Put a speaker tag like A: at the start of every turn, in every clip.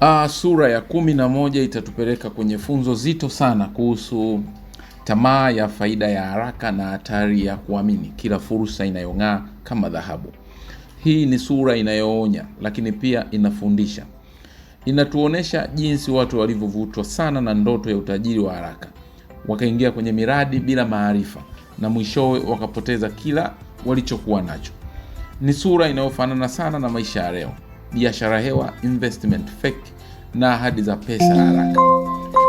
A: Aa, ah, sura ya kumi na moja itatupeleka kwenye funzo zito sana kuhusu tamaa ya faida ya haraka na hatari ya kuamini kila fursa inayong'aa kama dhahabu. Hii ni sura inayoonya lakini pia inafundisha. Inatuonyesha jinsi watu walivyovutwa sana na ndoto ya utajiri wa haraka, wakaingia kwenye miradi bila maarifa na mwishowe wakapoteza kila walichokuwa nacho. Ni sura inayofanana sana na maisha ya leo biashara hewa, investment fake na ahadi za pesa haraka.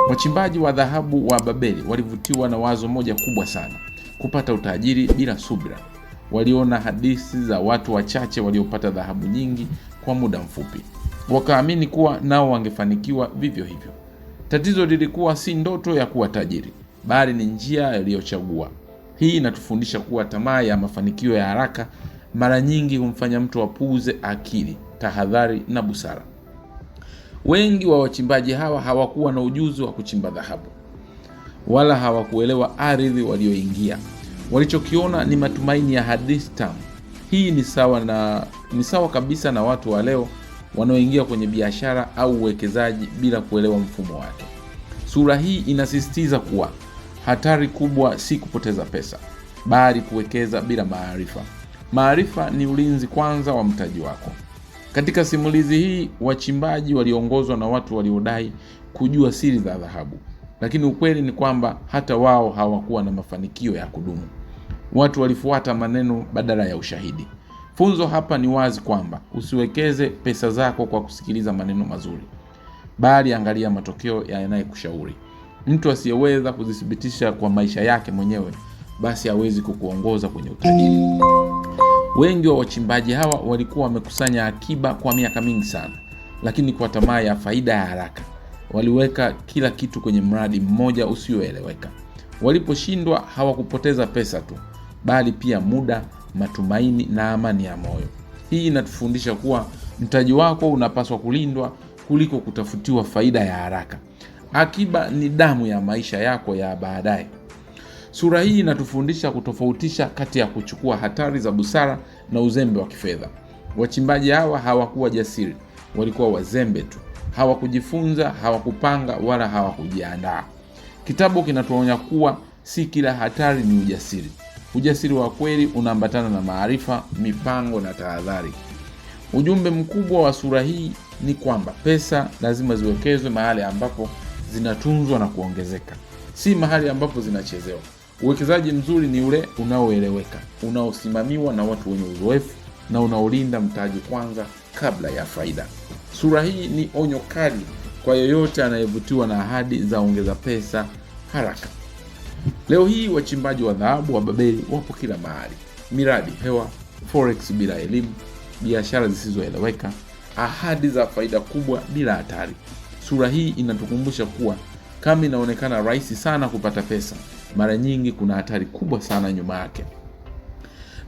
A: Wachimbaji wa dhahabu wa Babeli walivutiwa na wazo moja kubwa sana: kupata utajiri bila subira. Waliona hadithi za watu wachache waliopata dhahabu nyingi kwa muda mfupi, wakaamini kuwa nao wangefanikiwa vivyo hivyo. Tatizo lilikuwa si ndoto ya kuwa tajiri, bali ni njia yaliyochagua. Hii inatufundisha kuwa tamaa ya mafanikio ya haraka mara nyingi humfanya mtu apuuze akili tahadhari na busara. Wengi wa wachimbaji hawa hawakuwa na ujuzi wa kuchimba dhahabu wala hawakuelewa ardhi walioingia. Walichokiona ni matumaini ya hadithi tamu. Hii ni sawa na ni sawa kabisa na watu wa leo wanaoingia kwenye biashara au uwekezaji bila kuelewa mfumo wake. Sura hii inasisitiza kuwa hatari kubwa si kupoteza pesa, bali kuwekeza bila maarifa. Maarifa ni ulinzi kwanza wa mtaji wako. Katika simulizi hii, wachimbaji waliongozwa na watu waliodai kujua siri za dhahabu, lakini ukweli ni kwamba hata wao hawakuwa na mafanikio ya kudumu. Watu walifuata maneno badala ya ushahidi. Funzo hapa ni wazi kwamba usiwekeze pesa zako kwa kusikiliza maneno mazuri, bali angalia matokeo yanayekushauri. Mtu asiyeweza kuzithibitisha kwa maisha yake mwenyewe, basi hawezi kukuongoza kwenye utajiri. Wengi wa wachimbaji hawa walikuwa wamekusanya akiba kwa miaka mingi sana, lakini kwa tamaa ya faida ya haraka waliweka kila kitu kwenye mradi mmoja usioeleweka. Waliposhindwa hawakupoteza pesa tu, bali pia muda, matumaini na amani ya moyo. Hii inatufundisha kuwa mtaji wako unapaswa kulindwa kuliko kutafutiwa faida ya haraka. Akiba ni damu ya maisha yako ya baadaye. Sura hii inatufundisha kutofautisha kati ya kuchukua hatari za busara na uzembe wa kifedha. Wachimbaji hawa hawakuwa jasiri, walikuwa wazembe tu. Hawakujifunza, hawakupanga wala hawakujiandaa. Kitabu kinatuonya kuwa si kila hatari ni ujasiri. Ujasiri wa kweli unaambatana na maarifa, mipango na tahadhari. Ujumbe mkubwa wa sura hii ni kwamba pesa lazima ziwekezwe mahali ambapo zinatunzwa na kuongezeka, si mahali ambapo zinachezewa. Uwekezaji mzuri ni ule unaoeleweka, unaosimamiwa na watu wenye uzoefu na unaolinda mtaji kwanza kabla ya faida. Sura hii ni onyo kali kwa yeyote anayevutiwa na ahadi za ongeza pesa haraka. Leo hii wachimbaji wa dhahabu wa Babeli wapo kila mahali: miradi hewa, forex bila elimu, biashara zisizoeleweka, ahadi za faida kubwa bila hatari. Sura hii inatukumbusha kuwa kama inaonekana rahisi sana kupata pesa, mara nyingi kuna hatari kubwa sana nyuma yake.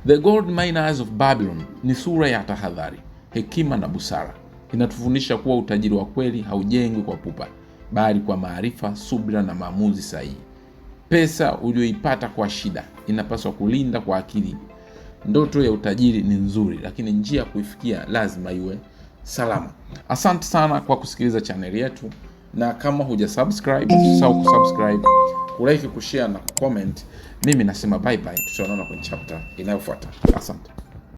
A: The Gold Miners of Babylon ni sura ya tahadhari, hekima na busara. Inatufundisha kuwa utajiri wa kweli haujengwi kwa pupa, bali kwa maarifa, subira na maamuzi sahihi. Pesa uliyoipata kwa shida inapaswa kulinda kwa akili. Ndoto ya utajiri ni nzuri, lakini njia ya kuifikia lazima iwe salama. Asante sana kwa kusikiliza chaneli yetu na kama huja subscribe usisahau kusubscribe, kulike, kushare na comment. Mimi nasema bye bye, tutaonana kwenye chapter inayofuata. Asante.